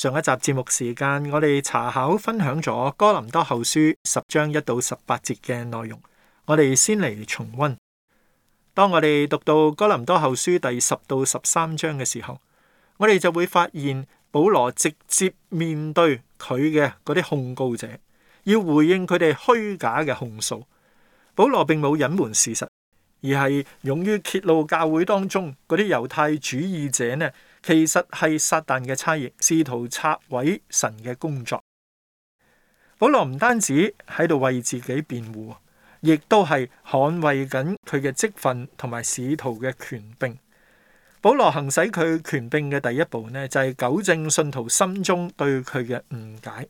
上一集節目時間，我哋查考分享咗哥林多後書十章一到十八節嘅內容。我哋先嚟重溫。當我哋讀到哥林多後書第十到十三章嘅時候，我哋就會發現保羅直接面對佢嘅嗰啲控告者，要回應佢哋虛假嘅控訴。保羅並冇隱瞞事實，而係勇於揭露教會當中嗰啲猶太主義者呢，其實係撒旦嘅差役，試圖拆毀神嘅工作。保羅唔單止喺度為自己辯護，亦都係捍衛緊佢嘅職份同埋使徒嘅權柄。保羅行使佢權柄嘅第一步呢，就係、是、糾正信徒心中對佢嘅誤解。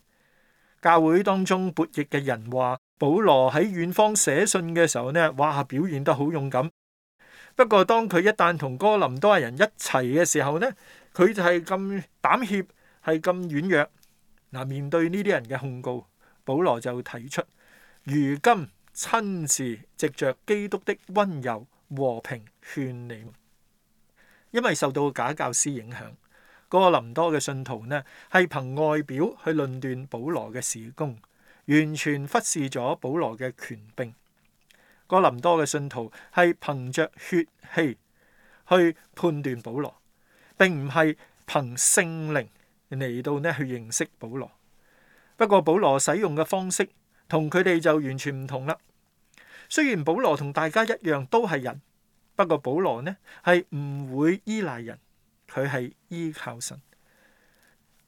教會當中悖逆嘅人話，保羅喺遠方寫信嘅時候呢，哇，表現得好勇敢。不過，當佢一旦同哥林多人一齊嘅時候呢，佢就係咁膽怯，係咁軟弱。嗱，面對呢啲人嘅控告，保羅就提出：如今親自藉着着基督的溫柔和平勸你。」因為受到假教師影響，哥林多嘅信徒呢，係憑外表去論斷保羅嘅事工，完全忽視咗保羅嘅權柄。哥林多嘅信徒係憑着血氣去判斷保羅，並唔係憑聖靈嚟到呢去認識保羅。不過保羅使用嘅方式同佢哋就完全唔同啦。雖然保羅同大家一樣都係人，不過保羅呢係唔會依賴人，佢係依靠神。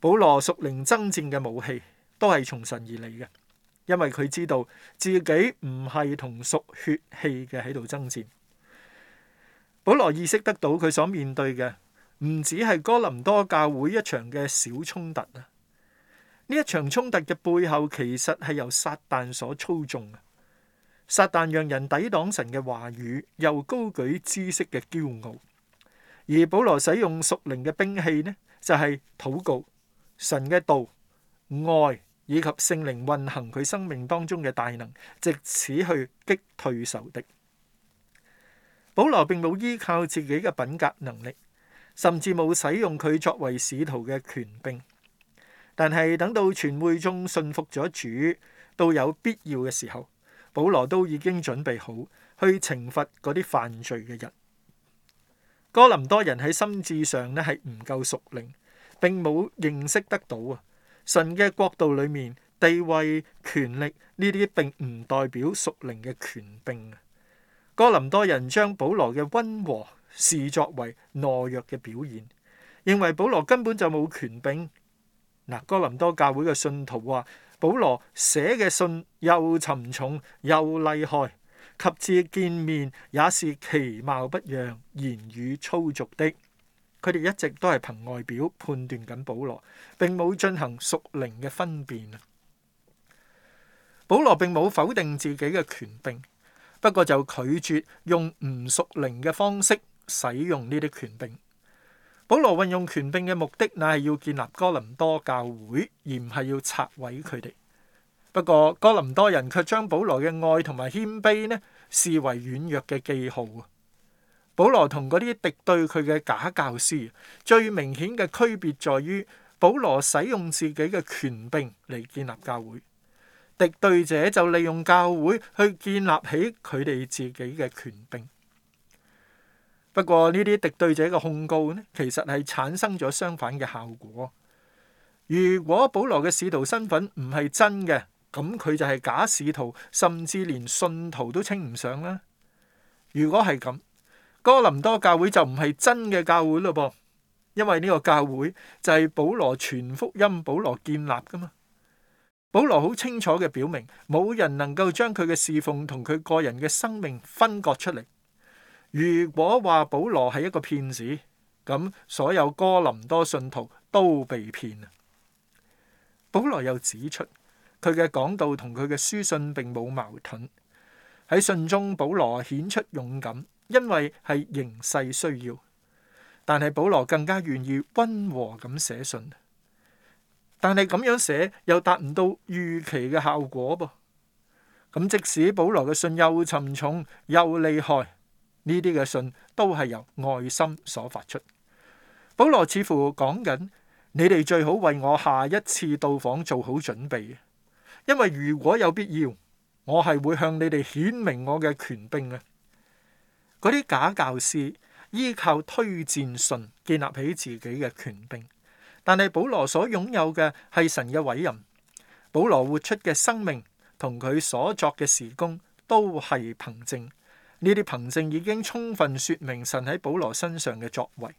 保羅屬靈爭戰嘅武器都係從神而嚟嘅。因為佢知道自己唔係同屬血氣嘅喺度爭戰，保羅意識得到佢所面對嘅唔止係哥林多教會一場嘅小衝突啊！呢一場衝突嘅背後其實係由撒旦所操縱啊！撒旦讓人抵擋神嘅話語，又高舉知識嘅驕傲，而保羅使用屬靈嘅兵器呢就係、是、禱告、神嘅道、愛。以及聖靈運行佢生命當中嘅大能，藉此去擊退仇敵。保羅並冇依靠自己嘅品格能力，甚至冇使用佢作為使徒嘅權柄。但係等到全會中信服咗主，到有必要嘅時候，保羅都已經準備好去懲罰嗰啲犯罪嘅人。哥林多人喺心智上咧係唔夠熟靈，並冇認識得到啊。神嘅國度裏面地位權力呢啲並唔代表屬靈嘅權柄啊！哥林多人將保羅嘅温和視作為懦弱嘅表現，認為保羅根本就冇權柄。嗱，哥林多教會嘅信徒話：保羅寫嘅信又沉重又厲害，及至見面也是其貌不揚、言語粗俗的。佢哋一直都係憑外表判斷緊保羅，並冇進行屬靈嘅分辨啊！保羅並冇否定自己嘅權柄，不過就拒絕用唔屬靈嘅方式使用呢啲權柄。保羅運用權柄嘅目的，乃係要建立哥林多教會，而唔係要拆毀佢哋。不過哥林多人卻將保羅嘅愛同埋謙卑呢，視為軟弱嘅記號。保羅同嗰啲敵對佢嘅假教師，最明顯嘅區別在於保羅使用自己嘅權柄嚟建立教會，敵對者就利用教會去建立起佢哋自己嘅權柄。不過呢啲敵對者嘅控告呢，其實係產生咗相反嘅效果。如果保羅嘅使徒身份唔係真嘅，咁佢就係假使徒，甚至連信徒都稱唔上啦。如果係咁。哥林多教會就唔係真嘅教會嘞噃，因為呢個教會就係保羅傳福音、保羅建立噶嘛。保羅好清楚嘅表明，冇人能夠將佢嘅侍奉同佢個人嘅生命分割出嚟。如果話保羅係一個騙子，咁所有哥林多信徒都被騙啊！保羅又指出，佢嘅講道同佢嘅書信並冇矛盾。喺信中，保羅顯出勇敢。因為係形勢需要，但係保羅更加願意溫和咁寫信，但係咁樣寫又達唔到預期嘅效果噃。咁即使保羅嘅信又沉重又厲害，呢啲嘅信都係由愛心所發出。保羅似乎講緊，你哋最好為我下一次到訪做好準備，因為如果有必要，我係會向你哋顯明我嘅權柄嘅。嗰啲假教師依靠推薦信建立起自己嘅權柄，但係保羅所擁有嘅係神嘅委任。保羅活出嘅生命同佢所作嘅事工都係憑證。呢啲憑證已經充分說明神喺保羅身上嘅作為。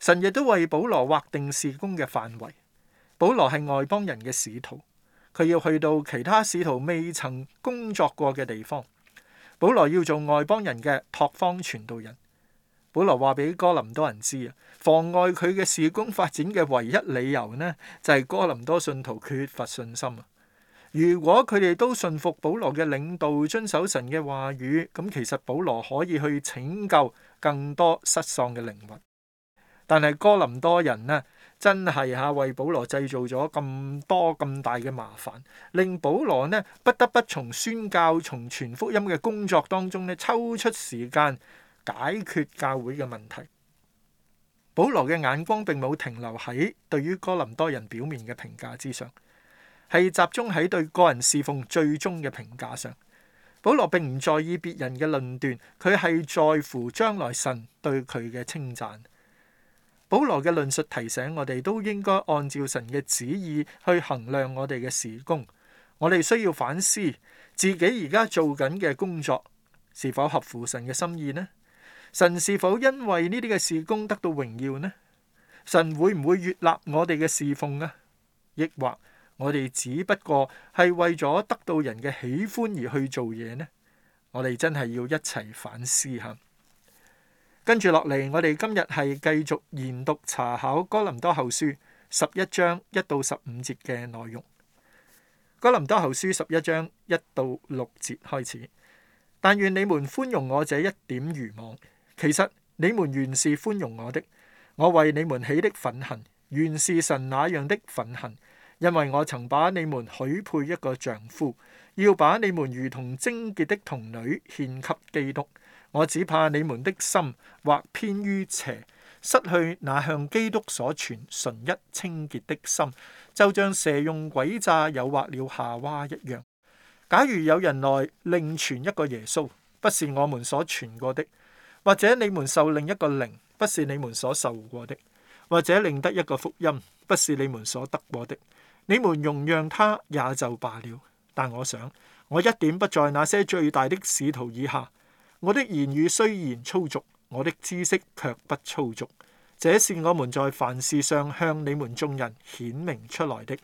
神亦都為保羅劃定事工嘅範圍。保羅係外邦人嘅使徒，佢要去到其他使徒未曾工作過嘅地方。保羅要做外邦人嘅拓荒傳道人。保羅話俾哥林多人知啊，妨礙佢嘅事工發展嘅唯一理由呢，就係哥林多信徒缺乏信心啊。如果佢哋都信服保羅嘅領導，遵守神嘅話語，咁其實保羅可以去拯救更多失喪嘅靈魂。但係哥林多人呢？真係嚇，為保羅製造咗咁多咁大嘅麻煩，令保羅呢不得不從宣教、從全福音嘅工作當中呢抽出時間解決教會嘅問題。保羅嘅眼光並冇停留喺對於哥林多人表面嘅評價之上，係集中喺對個人侍奉最終嘅評價上。保羅並唔在意別人嘅論斷，佢係在乎將來神對佢嘅稱讚。保羅嘅論述提醒我哋都應該按照神嘅旨意去衡量我哋嘅事工。我哋需要反思自己而家做緊嘅工作是否合乎神嘅心意呢？神是否因為呢啲嘅事工得到榮耀呢？神會唔會悅納我哋嘅侍奉呢？抑或我哋只不過係為咗得到人嘅喜歡而去做嘢呢？我哋真係要一齊反思下。跟住落嚟，我哋今日係繼續研讀查考《哥林多後書》十一章一到十五節嘅內容。《哥林多後書》十一章一到六節開始。但願你們寬容我這一點愚妄，其實你們原是寬容我的。我為你們起的憤恨，原是神那樣的憤恨，因為我曾把你們許配一個丈夫，要把你們如同貞潔的童女獻給基督。我只怕你們的心或偏於邪，失去那向基督所傳純一清潔的心，就像蛇用詭詐誘惑了夏娃一樣。假如有人來另傳一個耶穌，不是我們所傳過的；或者你們受另一個靈，不是你們所受過的；或者另得一個福音，不是你們所得過的，你們容讓他也就罷了。但我想，我一點不在那些最大的使徒以下。我的言語雖然粗俗，我的知識卻不粗俗。這是我們在凡事上向你們眾人顯明出來的。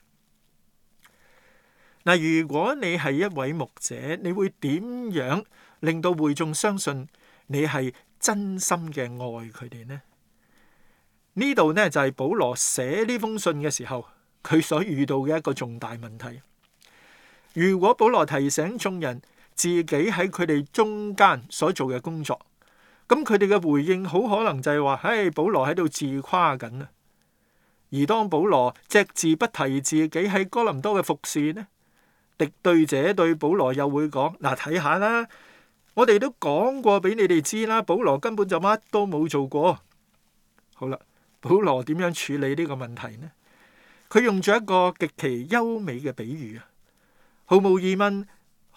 嗱，如果你係一位牧者，你會點樣令到會眾相信你係真心嘅愛佢哋呢？呢度呢就係保羅寫呢封信嘅時候，佢所遇到嘅一個重大問題。如果保羅提醒眾人，自己喺佢哋中間所做嘅工作，咁佢哋嘅回應好可能就係話：唉、哎，保羅喺度自誇緊啊！而當保羅隻字不提自己喺哥林多嘅服侍，呢敵對者對保羅又會講：嗱、啊，睇下啦，我哋都講過俾你哋知啦，保羅根本就乜都冇做過。好啦，保羅點樣處理呢個問題呢？佢用咗一個極其優美嘅比喻啊，毫無疑問。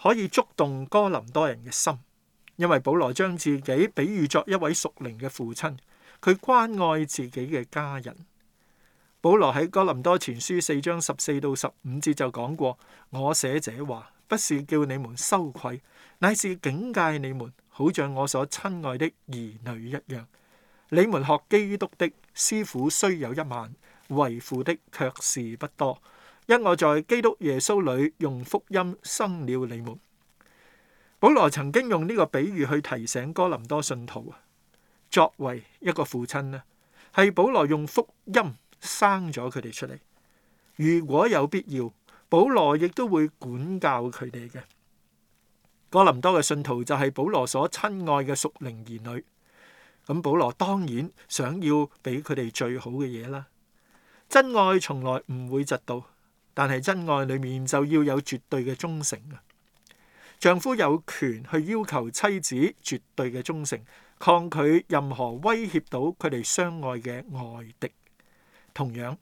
可以觸動哥林多人嘅心，因為保羅將自己比喻作一位屬靈嘅父親，佢關愛自己嘅家人。保羅喺哥林多前書四章十四到十五節就講過：我寫這話，不是叫你們羞愧，乃是警戒你們，好像我所親愛的兒女一樣。你們學基督的師傅，雖有一萬，為父的卻是不多。因我在基督耶穌裏用福音生了你們。保羅曾經用呢個比喻去提醒哥林多信徒啊，作為一個父親咧，係保羅用福音生咗佢哋出嚟。如果有必要，保羅亦都會管教佢哋嘅。哥林多嘅信徒就係保羅所親愛嘅屬靈兒女。咁保羅當然想要俾佢哋最好嘅嘢啦。真愛從來唔會窒到。但係真愛裏面就要有絕對嘅忠誠啊！丈夫有權去要求妻子絕對嘅忠誠，抗拒任何威脅到佢哋相愛嘅外敵同樣，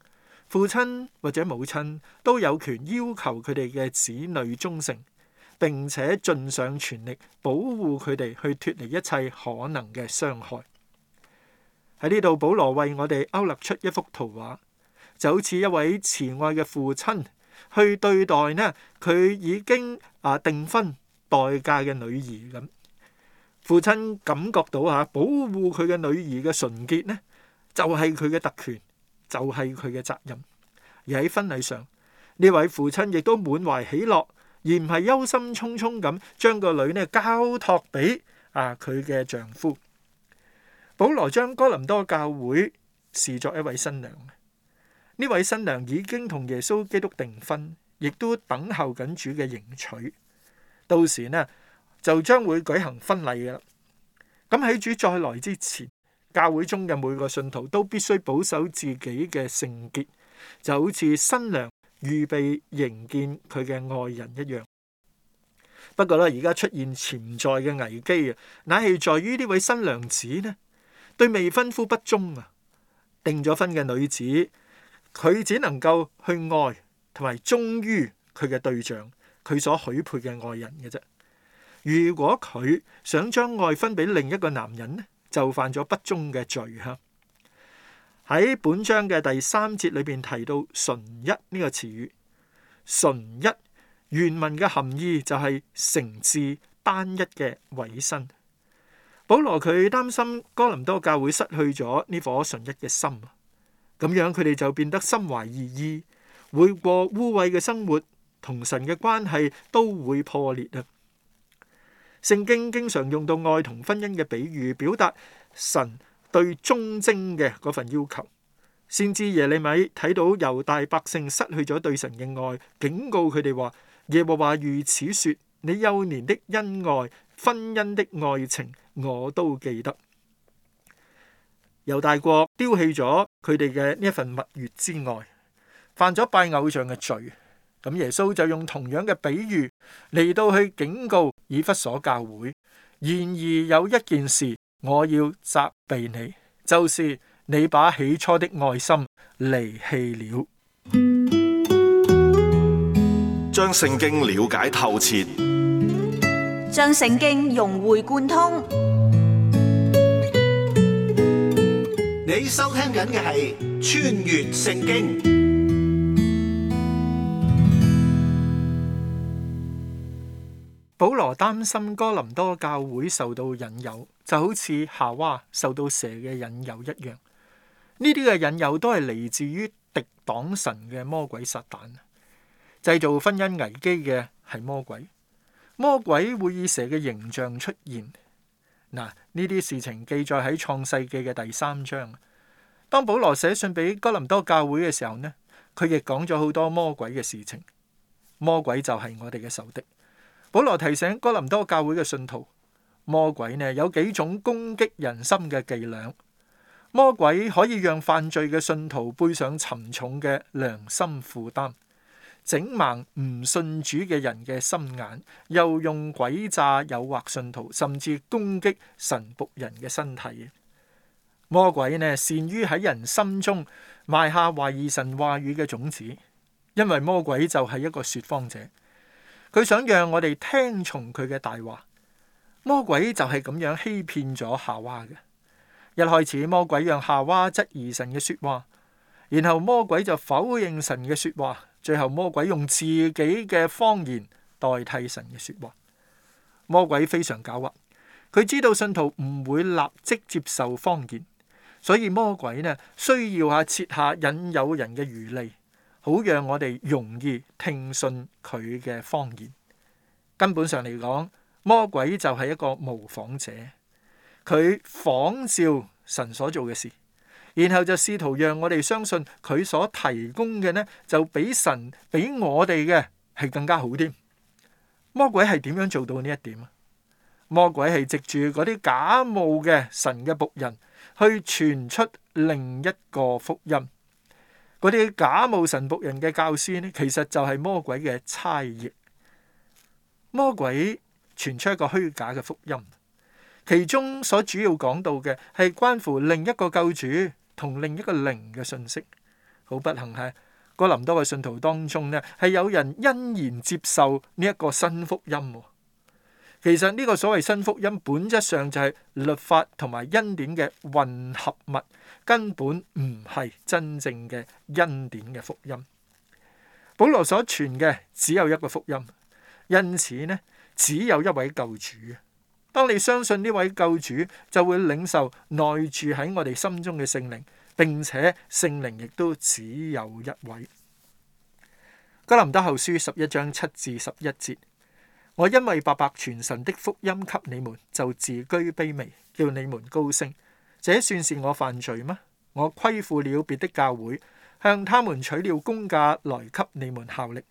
父親或者母親都有權要求佢哋嘅子女忠誠，並且盡上全力保護佢哋去脫離一切可能嘅傷害。喺呢度，保羅為我哋勾勒出一幅圖畫。就好似一位慈愛嘅父親去對待呢，佢已經啊訂婚待嫁嘅女兒咁。父親感覺到吓保護佢嘅女兒嘅純潔呢，就係佢嘅特權，就係佢嘅責任。而喺婚禮上呢位父親亦都滿懷喜樂，而唔係憂心忡忡咁將個女呢交託俾啊佢嘅丈夫。保羅將哥林多教會視作一位新娘。呢位新娘已經同耶穌基督訂婚，亦都等候緊主嘅迎娶。到時呢就將會舉行婚禮㗎啦。咁喺主再來之前，教會中嘅每個信徒都必須保守自己嘅聖潔，就好似新娘預備迎見佢嘅愛人一樣。不過呢，而家出現潛在嘅危機啊，乃係在於呢位新娘子呢對未婚夫不忠啊，訂咗婚嘅女子。佢只能夠去愛同埋忠於佢嘅對象，佢所許配嘅愛人嘅啫。如果佢想將愛分俾另一個男人呢，就犯咗不忠嘅罪哈。喺本章嘅第三節裏邊提到純一呢個詞語，純一原文嘅含義就係誠摯、單一嘅委身。保羅佢擔心哥林多教會失去咗呢顆純一嘅心。咁樣佢哋就變得心懷異意，會過污穢嘅生活，同神嘅關係都會破裂啊！聖經經常用到愛同婚姻嘅比喻，表達神對忠貞嘅嗰份要求。先知耶利米睇到猶大百姓失去咗對神嘅愛，警告佢哋話：耶和華如此說，你幼年的恩愛、婚姻的愛情，我都記得。猶大國丟棄咗佢哋嘅呢一份蜜月之愛，犯咗拜偶像嘅罪。咁耶穌就用同樣嘅比喻嚟到去警告以弗所教會。然而有一件事我要責備你，就是你把起初的愛心離棄了。將聖經瞭解透徹，將聖經融會貫通。你收聽緊嘅係《穿越聖經》。保羅擔心哥林多教會受到引誘，就好似夏娃受到蛇嘅引誘一樣。呢啲嘅引誘都係嚟自於敵擋神嘅魔鬼撒旦。製造婚姻危機嘅係魔鬼，魔鬼會以蛇嘅形象出現。嗱，呢啲事情記載喺《創世記》嘅第三章。當保羅寫信俾哥林多教會嘅時候，呢佢亦講咗好多魔鬼嘅事情。魔鬼就係我哋嘅仇敵。保羅提醒哥林多教會嘅信徒，魔鬼呢有幾種攻擊人心嘅伎倆。魔鬼可以讓犯罪嘅信徒背上沉重嘅良心負擔。整盲唔信主嘅人嘅心眼，又用鬼詐誘惑信徒，甚至攻擊神僕人嘅身體。魔鬼呢，善於喺人心中埋下懷疑神話語嘅種子，因為魔鬼就係一個說謊者，佢想讓我哋聽從佢嘅大話。魔鬼就係咁樣欺騙咗夏娃嘅。一開始，魔鬼讓夏娃質疑神嘅說話，然後魔鬼就否認神嘅說話。最後魔鬼用自己嘅謊言代替神嘅説話，魔鬼非常狡猾，佢知道信徒唔會立即接受謊言，所以魔鬼呢，需要啊設下引誘人嘅餘利，好讓我哋容易聽信佢嘅謊言。根本上嚟講，魔鬼就係一個模仿者，佢仿照神所做嘅事。然後就試圖讓我哋相信佢所提供嘅，呢就比神俾我哋嘅係更加好啲。魔鬼係點樣做到呢一點啊？魔鬼係藉住嗰啲假冒嘅神嘅僕人去傳出另一個福音。嗰啲假冒神僕人嘅教師呢，其實就係魔鬼嘅差役。魔鬼傳出一個虛假嘅福音，其中所主要講到嘅係關乎另一個救主。同另一個零嘅信息，好不幸係，哥林多嘅信徒當中呢，係有人欣然接受呢一個新福音。其實呢個所謂新福音，本質上就係律法同埋恩典嘅混合物，根本唔係真正嘅恩典嘅福音。保羅所傳嘅只有一個福音，因此呢，只有一位救主。當你相信呢位救主，就會領受內住喺我哋心中嘅聖靈，並且聖靈亦都只有一位。哥林德後書十一章七至十一節：我因為白白傳神的福音給你們，就自居卑微，叫你們高升。這算是我犯罪嗎？我虧負了別的教會，向他們取了公價來給你們效力。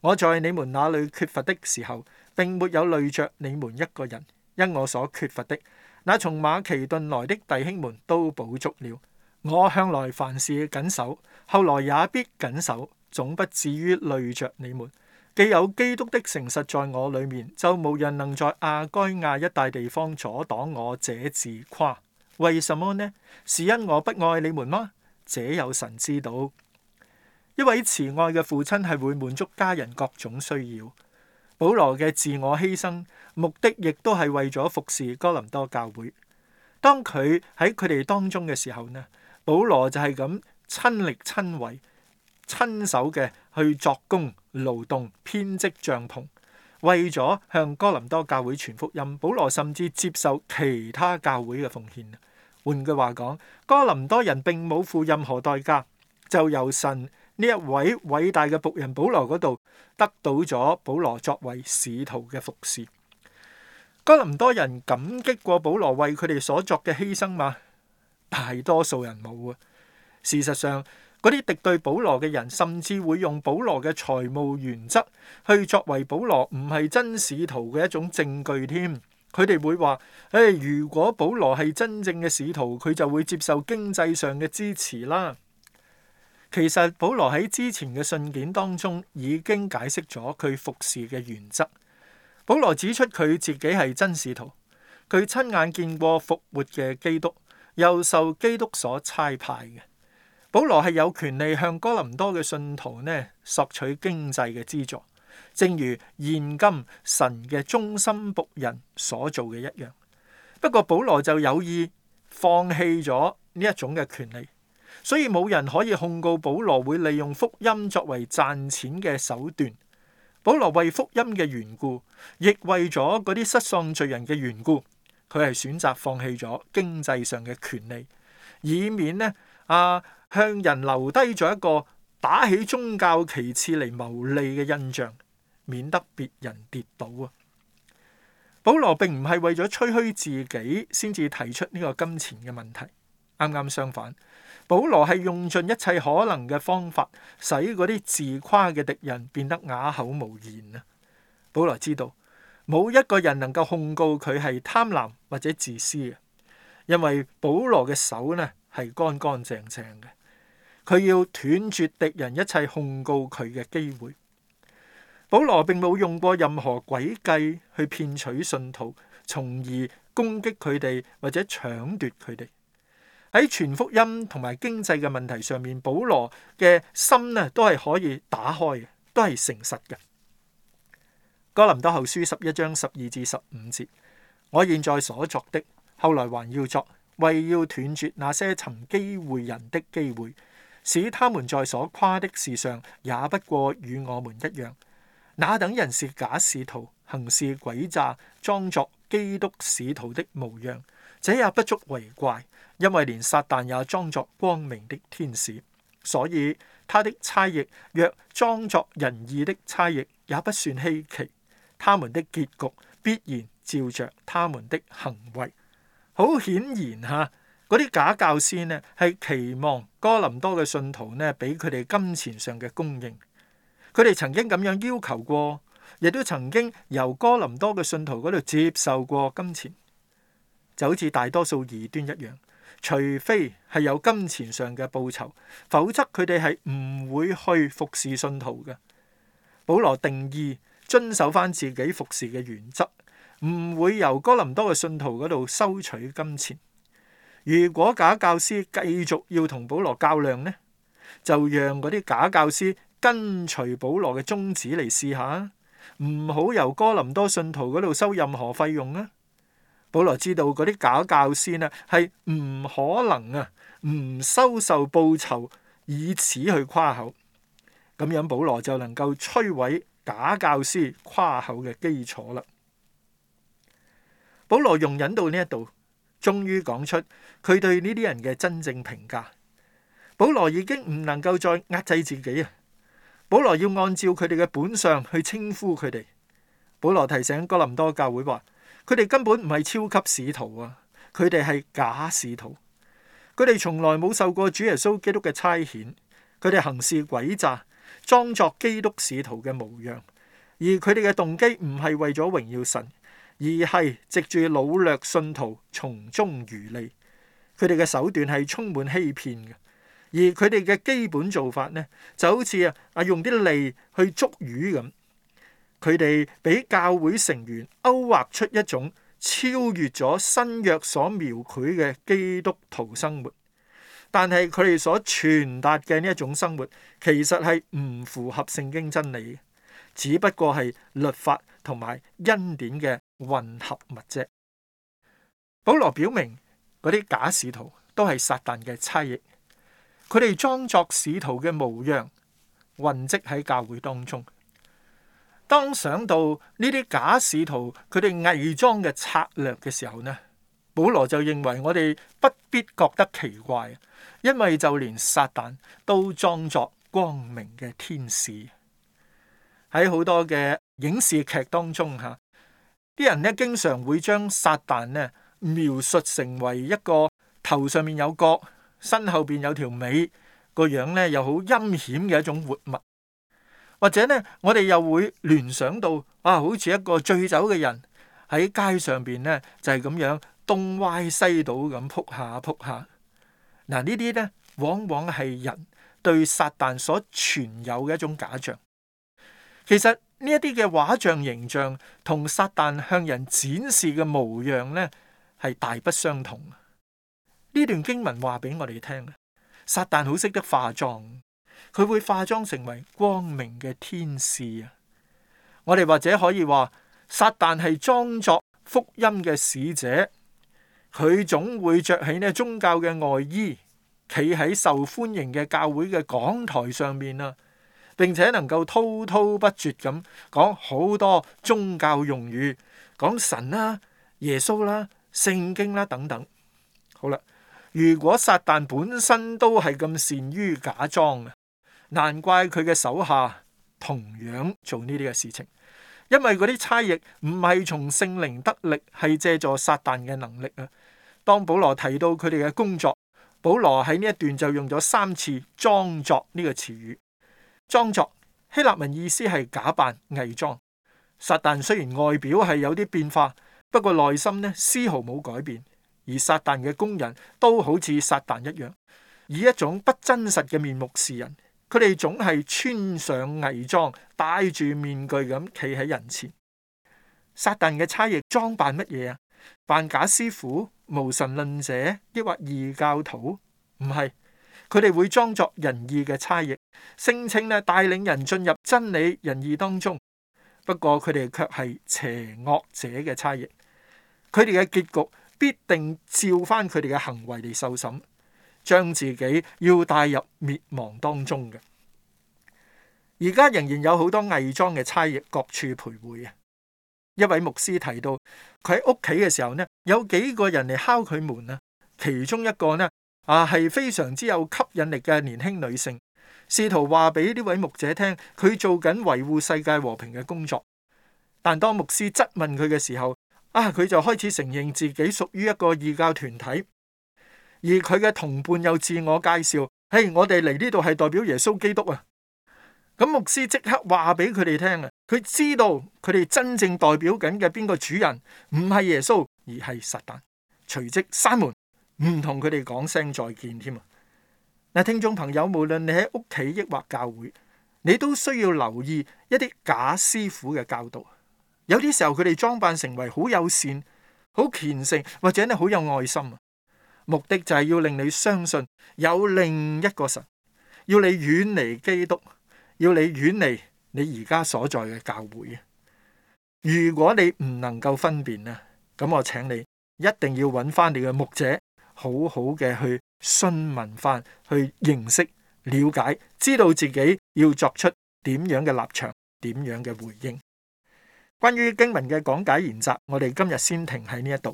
我在你們那裏缺乏的時候，並沒有累著你們一個人。因我所缺乏的，那從馬其頓來的弟兄們都補足了。我向來凡事謹守，後來也必謹守，總不至於累着你們。既有基督的誠實在我裏面，就無人能在亞該亞一帶地方阻擋我這自誇。為什麼呢？是因我不愛你們嗎？這有神知道。一位慈愛嘅父親係會滿足家人各種需要。保羅嘅自我犧牲目的亦都係為咗服侍哥林多教會。當佢喺佢哋當中嘅時候呢，保羅就係咁親力親為、親手嘅去作工、勞動、編織帳篷，為咗向哥林多教會傳福音。保羅甚至接受其他教會嘅奉獻。換句話講，哥林多人並冇付任何代價，就由神。呢一位偉大嘅僕人保羅嗰度得到咗保羅作為使徒嘅服侍。哥林多人感激過保羅為佢哋所作嘅犧牲嘛，大多數人冇啊。事實上，嗰啲敵對保羅嘅人甚至會用保羅嘅財務原則去作為保羅唔係真使徒嘅一種證據添。佢哋會話：誒、哎，如果保羅係真正嘅使徒，佢就會接受經濟上嘅支持啦。其實，保羅喺之前嘅信件當中已經解釋咗佢服侍嘅原則。保羅指出佢自己係真使徒，佢親眼見過復活嘅基督，又受基督所差派嘅。保羅係有權利向哥林多嘅信徒呢索取經濟嘅資助，正如現今神嘅忠心僕人所做嘅一樣。不過，保羅就有意放棄咗呢一種嘅權利。所以冇人可以控告保羅會利用福音作為賺錢嘅手段。保羅為福音嘅緣故，亦為咗嗰啲失喪罪人嘅緣故，佢係選擇放棄咗經濟上嘅權利，以免呢啊向人留低咗一個打起宗教旗幟嚟謀利嘅印象，免得別人跌倒啊！保羅並唔係為咗吹噓自己先至提出呢個金錢嘅問題。啱啱相反，保羅係用盡一切可能嘅方法，使嗰啲自誇嘅敵人變得啞口無言啊！保羅知道冇一個人能夠控告佢係貪婪或者自私嘅，因為保羅嘅手呢係乾乾淨淨嘅。佢要斷絕敵人一切控告佢嘅機會。保羅並冇用過任何詭計去騙取信徒，從而攻擊佢哋或者搶奪佢哋。喺全福音同埋經濟嘅問題上面，保羅嘅心呢都係可以打開嘅，都係誠實嘅。哥林多後書十一章十二至十五節，我現在所作的，後來還要作，為要斷絕那些尋機會人的機會，使他們在所誇的事上也不過與我們一樣。那等人是假使徒，行事詭詐，裝作基督使徒的模樣。這也不足為怪，因為連撒旦也裝作光明的天使，所以他的差役若裝作仁義的差役，也不算稀奇。他們的結局必然照着他們的行為。好顯然嚇，嗰啲假教師咧，係期望哥林多嘅信徒咧，俾佢哋金錢上嘅供應。佢哋曾經咁樣要求過，亦都曾經由哥林多嘅信徒嗰度接受過金錢。就好似大多數異端一樣，除非係有金錢上嘅報酬，否則佢哋係唔會去服侍信徒嘅。保羅定義遵守返自己服侍嘅原則，唔會由哥林多嘅信徒嗰度收取金錢。如果假教師繼續要同保羅較量呢，就讓嗰啲假教師跟隨保羅嘅宗旨嚟試下，唔好由哥林多信徒嗰度收任何費用啊！保羅知道嗰啲假教師啊，係唔可能啊，唔收受報酬，以此去誇口。咁樣保羅就能夠摧毀假教師誇口嘅基礎啦。保羅容忍到呢一度，終於講出佢對呢啲人嘅真正評價。保羅已經唔能夠再壓制自己啊！保羅要按照佢哋嘅本相去稱呼佢哋。保羅提醒哥林多教會話。佢哋根本唔係超級使徒啊！佢哋係假使徒，佢哋從來冇受過主耶穌基督嘅差遣，佢哋行事詭詐，裝作基督使徒嘅模樣，而佢哋嘅動機唔係為咗榮耀神，而係藉住擄掠信徒從中漁利。佢哋嘅手段係充滿欺騙嘅，而佢哋嘅基本做法呢，就好似啊用啲餌去捉魚咁。佢哋俾教會成員勾畫出一種超越咗新約所描繪嘅基督徒生活，但係佢哋所傳達嘅呢一種生活，其實係唔符合聖經真理嘅，只不過係律法同埋恩典嘅混合物啫。保羅表明嗰啲假使徒都係撒但嘅差役，佢哋裝作使徒嘅模樣，混跡喺教會當中。當想到呢啲假使徒，佢哋偽裝嘅策略嘅時候呢，保羅就認為我哋不必覺得奇怪，因為就連撒旦都裝作光明嘅天使。喺好多嘅影視劇當中吓，啲人呢經常會將撒旦呢描述成為一個頭上面有角、身後邊有條尾個樣呢又好陰險嘅一種活物。或者呢，我哋又會聯想到，啊，好似一個醉酒嘅人喺街上邊呢，就係咁樣東歪西倒咁撲下撲下。嗱，呢啲呢，往往係人對撒旦所存有嘅一種假象。其實呢一啲嘅畫像形象同撒旦向人展示嘅模樣呢，係大不相同。呢段經文話俾我哋聽，撒旦好識得化妝。佢會化妝成為光明嘅天使啊！我哋或者可以話，撒旦係裝作福音嘅使者，佢總會着起呢宗教嘅外衣，企喺受歡迎嘅教會嘅講台上面啊，並且能夠滔滔不絕咁講好多宗教用語，講神啦、啊、耶穌啦、啊、聖經啦、啊、等等。好啦，如果撒旦本身都係咁善於假裝啊！難怪佢嘅手下同樣做呢啲嘅事情，因為嗰啲差役唔係從聖靈得力，係借助撒但嘅能力啊。當保羅提到佢哋嘅工作，保羅喺呢一段就用咗三次裝作呢個詞語。裝作，希臘文意思係假扮偽裝。撒但雖然外表係有啲變化，不過內心呢，絲毫冇改變，而撒但嘅工人都好似撒但一樣，以一種不真實嘅面目示人。佢哋總係穿上偽裝，戴住面具咁企喺人前。撒旦嘅差役裝扮乜嘢啊？扮假師傅、無神論者，抑或異教徒？唔係，佢哋會裝作仁義嘅差役，聲稱咧帶領人進入真理、仁義當中。不過佢哋卻係邪惡者嘅差役。佢哋嘅結局必定照翻佢哋嘅行為嚟受審。將自己要帶入滅亡當中嘅，而家仍然有好多偽裝嘅差役各處徘徊。啊！一位牧師提到，佢喺屋企嘅時候呢，有幾個人嚟敲佢門啊。其中一個呢，啊係非常之有吸引力嘅年輕女性，試圖話俾呢位牧者聽，佢做緊維護世界和平嘅工作。但當牧師質問佢嘅時候，啊佢就開始承認自己屬於一個異教團體。而佢嘅同伴又自我介紹：嘿，hey，我哋嚟呢度係代表耶穌基督啊！咁牧師即刻話俾佢哋聽啊，佢知道佢哋真正代表緊嘅邊個主人，唔係耶穌，而係撒但。隨即閂門，唔同佢哋講聲再見添啊！嗱，聽眾朋友，無論你喺屋企抑或教會，你都需要留意一啲假師傅嘅教導。有啲時候佢哋裝扮成為好友善、好虔誠或者呢好有愛心啊！目的就係要令你相信有另一個神，要你遠離基督，要你遠離你而家所在嘅教會。如果你唔能夠分辨啊，咁我請你一定要揾翻你嘅牧者，好好嘅去詢問翻，去認識、了解、知道自己要作出點樣嘅立場、點樣嘅回應。關於經文嘅講解研習，我哋今日先停喺呢一度。